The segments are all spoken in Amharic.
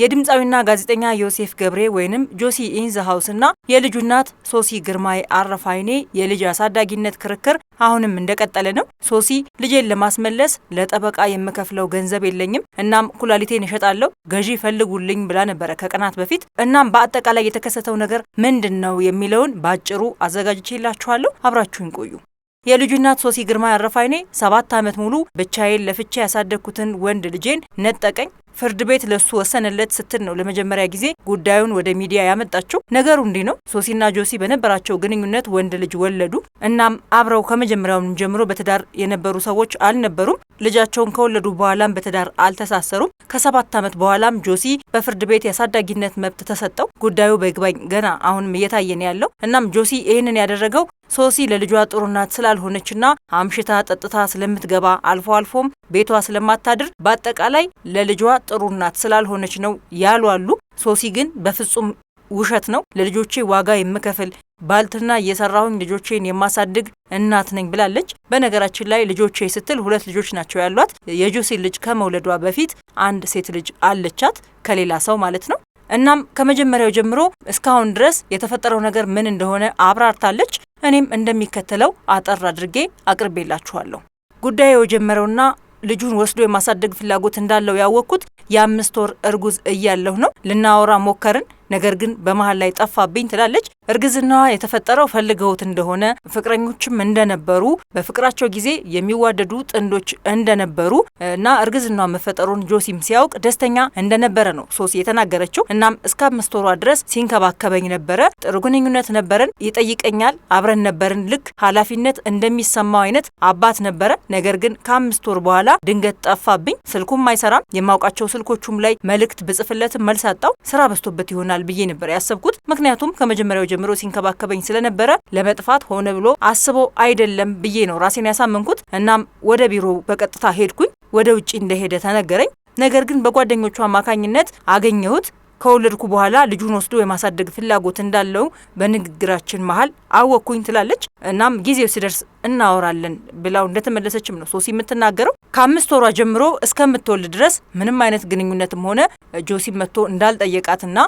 የድምፃዊና ጋዜጠኛ ዮሴፍ ገብሬ ወይንም ጆሲ ኢንዘ ሀውስና የልጁ እናት ሶሲ ግርማይ አረፋይኔ የልጅ አሳዳጊነት ክርክር አሁንም እንደቀጠለ ነው። ሶሲ ልጄን ለማስመለስ ለጠበቃ የምከፍለው ገንዘብ የለኝም፣ እናም ኩላሊቴን እሸጣለሁ፣ ገዢ ፈልጉልኝ ብላ ነበረ ከቀናት በፊት። እናም በአጠቃላይ የተከሰተው ነገር ምንድን ነው የሚለውን በአጭሩ አዘጋጅቼላችኋለሁ። አብራችሁን ቆዩ። የልጁ እናት ሶሲ ግርማ አረፋይኔ ሰባት ዓመት ሙሉ ብቻዬን ለፍቼ ያሳደግኩትን ወንድ ልጄን ነጠቀኝ፣ ፍርድ ቤት ለሱ ወሰነለት ስትል ነው ለመጀመሪያ ጊዜ ጉዳዩን ወደ ሚዲያ ያመጣችው። ነገሩ እንዲህ ነው። ሶሲና ጆሲ በነበራቸው ግንኙነት ወንድ ልጅ ወለዱ። እናም አብረው ከመጀመሪያውን ጀምሮ በትዳር የነበሩ ሰዎች አልነበሩም። ልጃቸውን ከወለዱ በኋላም በትዳር አልተሳሰሩም። ከሰባት ዓመት በኋላም ጆሲ በፍርድ ቤት የአሳዳጊነት መብት ተሰጠው። ጉዳዩ በይግባኝ ገና አሁንም እየታየን ያለው እናም ጆሲ ይህንን ያደረገው ሶሲ ለልጇ ጥሩ እናት ስላልሆነችና አምሽታ ጠጥታ ስለምትገባ አልፎ አልፎም ቤቷ ስለማታድር በአጠቃላይ ለልጇ ጥሩ እናት ስላልሆነች ነው ያሉ አሉ። ሶሲ ግን በፍጹም ውሸት ነው፣ ለልጆቼ ዋጋ የምከፍል ባልትና እየሰራሁኝ ልጆቼን የማሳድግ እናት ነኝ ብላለች። በነገራችን ላይ ልጆቼ ስትል ሁለት ልጆች ናቸው ያሏት። የጆሲ ልጅ ከመውለዷ በፊት አንድ ሴት ልጅ አለቻት ከሌላ ሰው ማለት ነው። እናም ከመጀመሪያው ጀምሮ እስካሁን ድረስ የተፈጠረው ነገር ምን እንደሆነ አብራርታለች። እኔም እንደሚከተለው አጠር አድርጌ አቅርቤላችኋለሁ። ጉዳዩ የጀመረውና ልጁን ወስዶ የማሳደግ ፍላጎት እንዳለው ያወቅኩት የአምስት ወር እርጉዝ እያለሁ ነው። ልናወራ ሞከርን፣ ነገር ግን በመሀል ላይ ጠፋብኝ ትላለች። እርግዝናዋ የተፈጠረው ፈልገውት እንደሆነ ፍቅረኞችም እንደነበሩ በፍቅራቸው ጊዜ የሚዋደዱ ጥንዶች እንደነበሩ እና እርግዝናዋ መፈጠሩን ጆሲም ሲያውቅ ደስተኛ እንደነበረ ነው ሶሲ የተናገረችው። እናም እስከ አምስት ወሯ ድረስ ሲንከባከበኝ ነበረ፣ ጥሩ ግንኙነት ነበረን፣ ይጠይቀኛል፣ አብረን ነበርን፣ ልክ ኃላፊነት እንደሚሰማው አይነት አባት ነበረ። ነገር ግን ከአምስት ወር በኋላ ድንገት ጠፋብኝ፣ ስልኩም አይሰራም፣ የማውቃቸው ስልኮቹም ላይ መልእክት ብጽፍለትም መልስ አጣው። ስራ በዝቶበት ይሆናል ብዬ ነበር ያሰብኩት፣ ምክንያቱም ከመጀመሪያው ጀምሮ ሲንከባከበኝ ስለነበረ ለመጥፋት ሆነ ብሎ አስቦ አይደለም ብዬ ነው ራሴን ያሳመንኩት። እናም ወደ ቢሮ በቀጥታ ሄድኩኝ። ወደ ውጭ እንደሄደ ተነገረኝ። ነገር ግን በጓደኞቹ አማካኝነት አገኘሁት። ከወለድኩ በኋላ ልጁን ወስዶ የማሳደግ ፍላጎት እንዳለው በንግግራችን መሀል አወቅኩኝ ትላለች። እናም ጊዜው ሲደርስ እናወራለን ብላው እንደተመለሰችም ነው ሶሲ የምትናገረው። ከአምስት ወሯ ጀምሮ እስከምትወልድ ድረስ ምንም አይነት ግንኙነትም ሆነ ጆሲም መጥቶ እንዳልጠየቃትና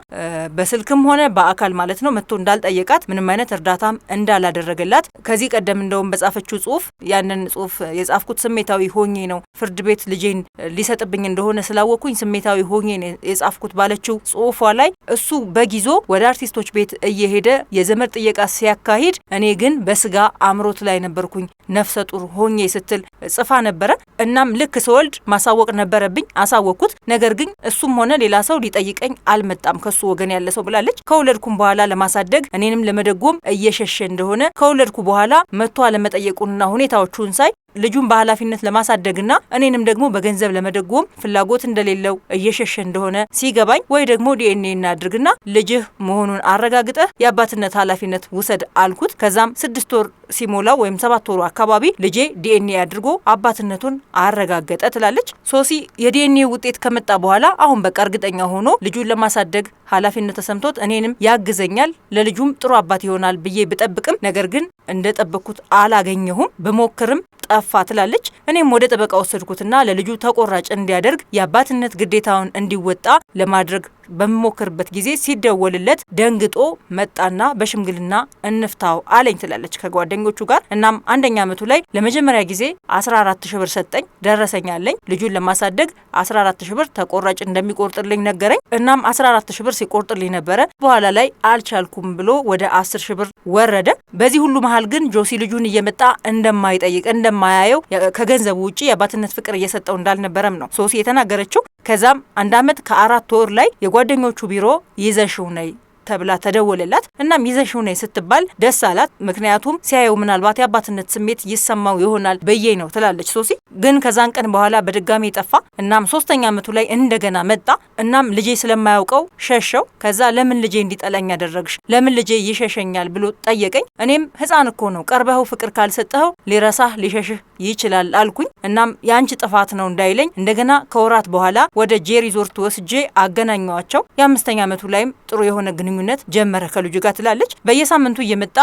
በስልክም ሆነ በአካል ማለት ነው መጥቶ እንዳልጠየቃት ምንም አይነት እርዳታም እንዳላደረገላት ከዚህ ቀደም እንደውም በጻፈችው ጽሁፍ ያንን ጽሁፍ የጻፍኩት ስሜታዊ ሆኜ ነው ፍርድ ቤት ልጄን ሊሰጥብኝ እንደሆነ ስላወቅኩኝ ስሜታዊ ሆኜ የጻፍኩት ባለችው ጽሁፏ ላይ እሱ በጊዞ ወደ አርቲስቶች ቤት እየሄደ የዘመድ ጥየቃ ሲያካሂድ እኔ ግን በስጋ አምሮት ላይ ነበርኩኝ ነፍሰ ጡር ሆኜ ስትል ጽፋ ነበረ። እናም ልክ ስወልድ ማሳወቅ ነበረብኝ፣ አሳወቅኩት። ነገር ግን እሱም ሆነ ሌላ ሰው ሊጠይቀኝ አልመጣም ከሱ ወገን ያለ ሰው ብላለች። ከወለድኩም በኋላ ለማሳደግ እኔንም ለመደጎም እየሸሸ እንደሆነ ከወለድኩ በኋላ መጥቶ አለመጠየቁንና ሁኔታዎቹን ሳይ ልጁን በኃላፊነት ለማሳደግና እኔንም ደግሞ በገንዘብ ለመደጎም ፍላጎት እንደሌለው እየሸሸ እንደሆነ ሲገባኝ ወይ ደግሞ ዲኤንኤ እናድርግና ልጅህ መሆኑን አረጋግጠህ የአባትነት ኃላፊነት ውሰድ አልኩት። ከዛም ስድስት ወር ሲሞላው ወይም ሰባት ወሩ አካባቢ ልጄ ዲኤንኤ አድርጎ አባትነቱን አረጋገጠ ትላለች ሶሲ። የዲኤንኤ ውጤት ከመጣ በኋላ አሁን በቃ እርግጠኛ ሆኖ ልጁን ለማሳደግ ኃላፊነት ተሰምቶት እኔንም ያግዘኛል ለልጁም ጥሩ አባት ይሆናል ብዬ ብጠብቅም ነገር ግን እንደጠበቅኩት አላገኘሁም። ብሞክርም ጠፋ ትላለች። እኔም ወደ ጠበቃ ወሰድኩትና ለልጁ ተቆራጭ እንዲያደርግ የአባትነት ግዴታውን እንዲወጣ ለማድረግ በሚሞክርበት ጊዜ ሲደወልለት ደንግጦ መጣና በሽምግልና እንፍታው አለኝ ትላለች ከጓደኞቹ ጋር። እናም አንደኛ ዓመቱ ላይ ለመጀመሪያ ጊዜ 14 ሺህ ብር ሰጠኝ። ደረሰኝ አለኝ። ልጁን ለማሳደግ 14 ሺህ ብር ተቆራጭ እንደሚቆርጥልኝ ነገረኝ። እናም 14 ሺህ ብር ሲቆርጥልኝ ነበረ። በኋላ ላይ አልቻልኩም ብሎ ወደ 10 ሺህ ብር ወረደ። በዚህ ሁሉ መሀል ግን ጆሲ ልጁን እየመጣ እንደማይጠይቅ እንደማያየው፣ ከገንዘቡ ውጭ የአባትነት ፍቅር እየሰጠው እንዳልነበረም ነው ሶሲ የተናገረችው። ከዛም አንድ ዓመት ከአራት ወር ላይ ጓደኞቹ ቢሮ ይዘሽው ነይ ተብላ ተደወለላት። እናም ይዘሽው ነይ ስትባል ደስ አላት። ምክንያቱም ሲያየው ምናልባት የአባትነት ስሜት ይሰማው ይሆናል ብዬ ነው ትላለች ሶሲ። ግን ከዛን ቀን በኋላ በድጋሚ ጠፋ። እናም ሶስተኛ ዓመቱ ላይ እንደገና መጣ። እናም ልጄ ስለማያውቀው ሸሸው። ከዛ ለምን ልጄ እንዲጠላኝ ያደረግሽ ለምን ልጄ ይሸሸኛል ብሎ ጠየቀኝ። እኔም ህፃን እኮ ነው ቀርበኸው ፍቅር ካልሰጠኸው ሊረሳህ ሊሸሽህ ይችላል አልኩኝ። እናም የአንቺ ጥፋት ነው እንዳይለኝ እንደገና ከወራት በኋላ ወደ ጄ ሪዞርት ወስጄ አገናኘዋቸው። የአምስተኛ ዓመቱ ላይም ጥሩ የሆነ ግንኙ ግንኙነት ጀመረ ከልጁ ጋር ትላለች። በየሳምንቱ እየመጣ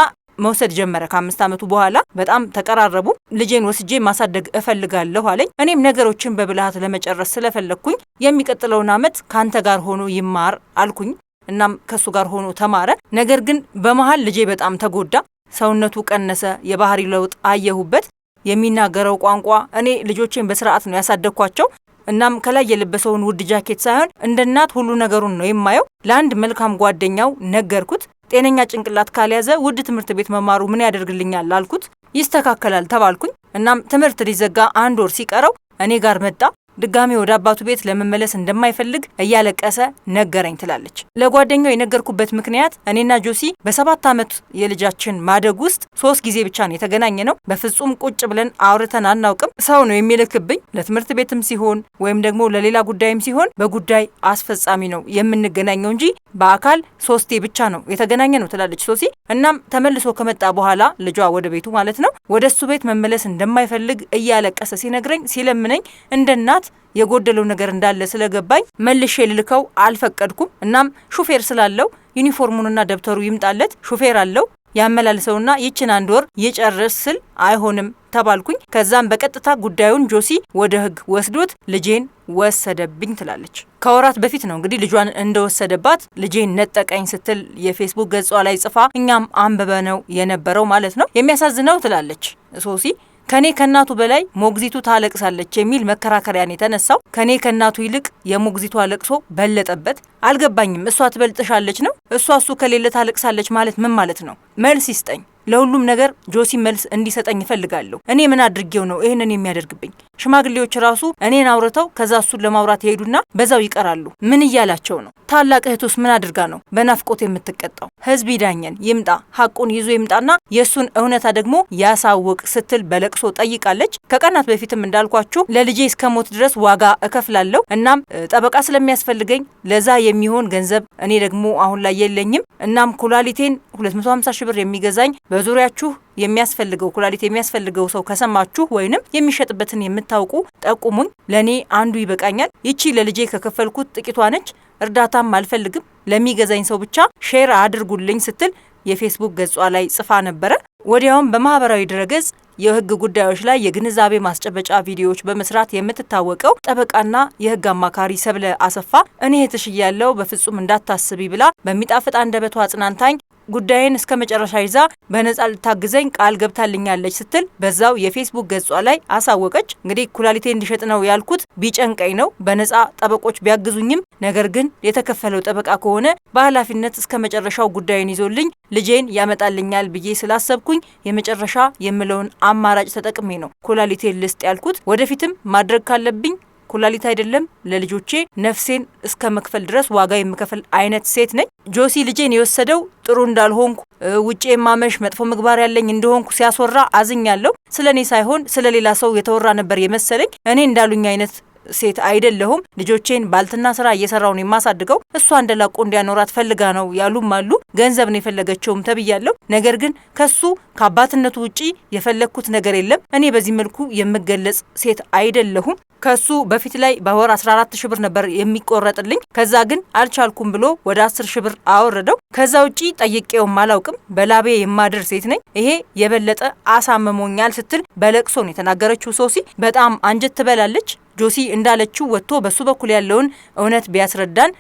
መውሰድ ጀመረ። ከአምስት ዓመቱ በኋላ በጣም ተቀራረቡ። ልጄን ወስጄ ማሳደግ እፈልጋለሁ አለኝ። እኔም ነገሮችን በብልሃት ለመጨረስ ስለፈለግኩኝ የሚቀጥለውን ዓመት ከአንተ ጋር ሆኖ ይማር አልኩኝ። እናም ከእሱ ጋር ሆኖ ተማረ። ነገር ግን በመሀል ልጄ በጣም ተጎዳ። ሰውነቱ ቀነሰ። የባህሪ ለውጥ አየሁበት። የሚናገረው ቋንቋ እኔ ልጆቼን በስርዓት ነው ያሳደግኳቸው። እናም ከላይ የለበሰውን ውድ ጃኬት ሳይሆን እንደ እናት ሁሉ ነገሩን ነው የማየው። ለአንድ መልካም ጓደኛው ነገርኩት። ጤነኛ ጭንቅላት ካልያዘ ውድ ትምህርት ቤት መማሩ ምን ያደርግልኛል አልኩት። ይስተካከላል ተባልኩኝ። እናም ትምህርት ሊዘጋ አንድ ወር ሲቀረው እኔ ጋር መጣ። ድጋሚ ወደ አባቱ ቤት ለመመለስ እንደማይፈልግ እያለቀሰ ነገረኝ ትላለች። ለጓደኛው የነገርኩበት ምክንያት እኔና ጆሲ በሰባት ዓመት የልጃችን ማደግ ውስጥ ሶስት ጊዜ ብቻ ነው የተገናኘ ነው። በፍጹም ቁጭ ብለን አውርተን አናውቅም። ሰው ነው የሚልክብኝ። ለትምህርት ቤትም ሲሆን ወይም ደግሞ ለሌላ ጉዳይም ሲሆን በጉዳይ አስፈጻሚ ነው የምንገናኘው እንጂ በአካል ሶስቴ ብቻ ነው የተገናኘ ነው ትላለች ሶሲ። እናም ተመልሶ ከመጣ በኋላ ልጇ ወደ ቤቱ ማለት ነው ወደ እሱ ቤት መመለስ እንደማይፈልግ እያለቀሰ ሲነግረኝ ሲለምነኝ እንደ ስልኮት የጎደለው ነገር እንዳለ ስለገባኝ መልሼ ልልከው አልፈቀድኩም። እናም ሹፌር ስላለው ዩኒፎርሙንና ደብተሩ ይምጣለት፣ ሹፌር አለው ያመላልሰውና ይችን አንድ ወር የጨረስ ስል አይሆንም ተባልኩኝ። ከዛም በቀጥታ ጉዳዩን ጆሲ ወደ ህግ ወስዶት ልጄን ወሰደብኝ ትላለች። ከወራት በፊት ነው እንግዲህ ልጇን እንደወሰደባት ልጄን ነጠቀኝ ስትል የፌስቡክ ገጿ ላይ ጽፋ እኛም አንብበ ነው የነበረው ማለት ነው። የሚያሳዝነው ትላለች ሶሲ ከኔ ከእናቱ በላይ ሞግዚቱ ታለቅሳለች የሚል መከራከሪያን የተነሳው ከኔ ከእናቱ ይልቅ የሞግዚቷ ለቅሶ በለጠበት። አልገባኝም። እሷ ትበልጥሻለች ነው? እሷ እሱ ከሌለ ታለቅሳለች ማለት ምን ማለት ነው? መልስ ይስጠኝ። ለሁሉም ነገር ጆሲ መልስ እንዲሰጠኝ እፈልጋለሁ። እኔ ምን አድርጌው ነው ይህንን የሚያደርግብኝ? ሽማግሌዎች ራሱ እኔን አውርተው ከዛ እሱን ለማውራት ይሄዱና በዛው ይቀራሉ። ምን እያላቸው ነው? ታላቅ እህቶስ ምን አድርጋ ነው በናፍቆት የምትቀጣው? ህዝብ ይዳኘን፣ ይምጣ፣ ሀቁን ይዞ ይምጣና የእሱን እውነታ ደግሞ ያሳውቅ ስትል በለቅሶ ጠይቃለች። ከቀናት በፊትም እንዳልኳችሁ ለልጄ እስከ ሞት ድረስ ዋጋ እከፍላለሁ፣ እናም ጠበቃ ስለሚያስፈልገኝ ለዛ የሚሆን ገንዘብ እኔ ደግሞ አሁን ላይ የለኝም፣ እናም ኩላሊቴን 250 ሺህ ብር የሚገዛኝ በዙሪያችሁ የሚያስፈልገው ኩላሊት የሚያስፈልገው ሰው ከሰማችሁ ወይንም የሚሸጥበትን የምታውቁ ጠቁሙኝ። ለእኔ አንዱ ይበቃኛል። ይቺ ለልጄ ከከፈልኩት ጥቂቷ ነች። እርዳታም አልፈልግም። ለሚገዛኝ ሰው ብቻ ሼር አድርጉልኝ ስትል የፌስቡክ ገጿ ላይ ጽፋ ነበረ። ወዲያውም በማህበራዊ ድረገጽ የህግ ጉዳዮች ላይ የግንዛቤ ማስጨበጫ ቪዲዮዎች በመስራት የምትታወቀው ጠበቃና የህግ አማካሪ ሰብለ አሰፋ እኔ እህትሽ እያለሁ በፍጹም እንዳታስቢ ብላ በሚጣፍጥ አንደበቷ አጽናንታኝ ጉዳይን እስከ መጨረሻ ይዛ በነጻ ልታግዘኝ ቃል ገብታልኛለች ስትል በዛው የፌስቡክ ገጿ ላይ አሳወቀች። እንግዲህ ኩላሊቴ እንዲሸጥ ነው ያልኩት ቢጨንቀኝ ነው። በነጻ ጠበቆች ቢያግዙኝም ነገር ግን የተከፈለው ጠበቃ ከሆነ በኃላፊነት እስከ መጨረሻው ጉዳይን ይዞልኝ ልጄን ያመጣልኛል ብዬ ስላሰብኩኝ የመጨረሻ የምለውን አማራጭ ተጠቅሜ ነው ኩላሊቴ ልስጥ ያልኩት። ወደፊትም ማድረግ ካለብኝ ኩላሊት አይደለም ለልጆቼ ነፍሴን እስከ መክፈል ድረስ ዋጋ የምከፍል አይነት ሴት ነኝ። ጆሲ ልጄን የወሰደው ጥሩ እንዳልሆንኩ ውጭ የማመሽ መጥፎ ምግባር ያለኝ እንደሆንኩ ሲያስወራ አዝኛለሁ። ስለ እኔ ሳይሆን ስለ ሌላ ሰው የተወራ ነበር የመሰለኝ። እኔ እንዳሉኝ አይነት ሴት አይደለሁም። ልጆቼን ባልትና ስራ እየሰራው የማሳድገው። እሷ እንደ ላቆ እንዲያኖራት ፈልጋ ነው ያሉም አሉ። ገንዘብ ነው የፈለገችውም ተብያለሁ። ነገር ግን ከሱ ከአባትነቱ ውጪ የፈለግኩት ነገር የለም። እኔ በዚህ መልኩ የምገለጽ ሴት አይደለሁም። ከሱ በፊት ላይ በወር 14 ሽብር ብር ነበር የሚቆረጥልኝ። ከዛ ግን አልቻልኩም ብሎ ወደ 10 ሽብር ብር አወረደው። ከዛ ውጪ ጠይቄውም አላውቅም። በላቤ የማድር ሴት ነኝ፣ ይሄ የበለጠ አሳምሞኛል ስትል በለቅሶ ነው የተናገረችው። ሶሲ በጣም አንጀት ትበላለች። ጆሲ እንዳለችው ወጥቶ በሱ በኩል ያለውን እውነት ቢያስረዳን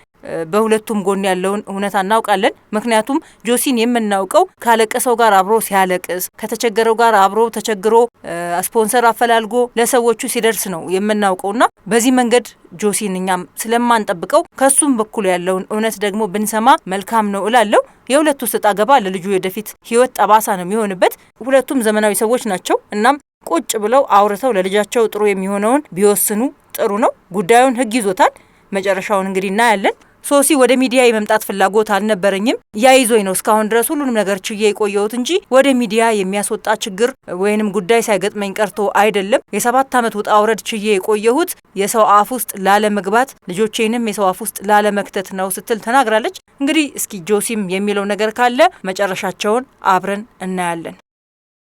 በሁለቱም ጎን ያለውን እውነታ እናውቃለን። ምክንያቱም ጆሲን የምናውቀው ካለቀሰው ጋር አብሮ ሲያለቅስ፣ ከተቸገረው ጋር አብሮ ተቸግሮ ስፖንሰር አፈላልጎ ለሰዎቹ ሲደርስ ነው የምናውቀውና በዚህ መንገድ ጆሲን እኛም ስለማንጠብቀው ከሱም በኩል ያለውን እውነት ደግሞ ብንሰማ መልካም ነው እላለሁ። የሁለቱ ስጣ ገባ ለልጁ ወደፊት ህይወት ጠባሳ ነው የሚሆንበት። ሁለቱም ዘመናዊ ሰዎች ናቸው። እናም ቁጭ ብለው አውርተው ለልጃቸው ጥሩ የሚሆነውን ቢወስኑ ጥሩ ነው። ጉዳዩን ህግ ይዞታል። መጨረሻውን እንግዲህ እናያለን። ሶሲ ወደ ሚዲያ የመምጣት ፍላጎት አልነበረኝም። ያይዞኝ ነው እስካሁን ድረስ ሁሉንም ነገር ችዬ የቆየሁት እንጂ ወደ ሚዲያ የሚያስወጣ ችግር ወይንም ጉዳይ ሳይገጥመኝ ቀርቶ አይደለም። የሰባት ዓመት ውጣ ውረድ ችዬ የቆየሁት የሰው አፍ ውስጥ ላለመግባት ልጆቼንም የሰው አፍ ውስጥ ላለመክተት ነው ስትል ተናግራለች። እንግዲህ እስኪ ጆሲም የሚለው ነገር ካለ መጨረሻቸውን አብረን እናያለን።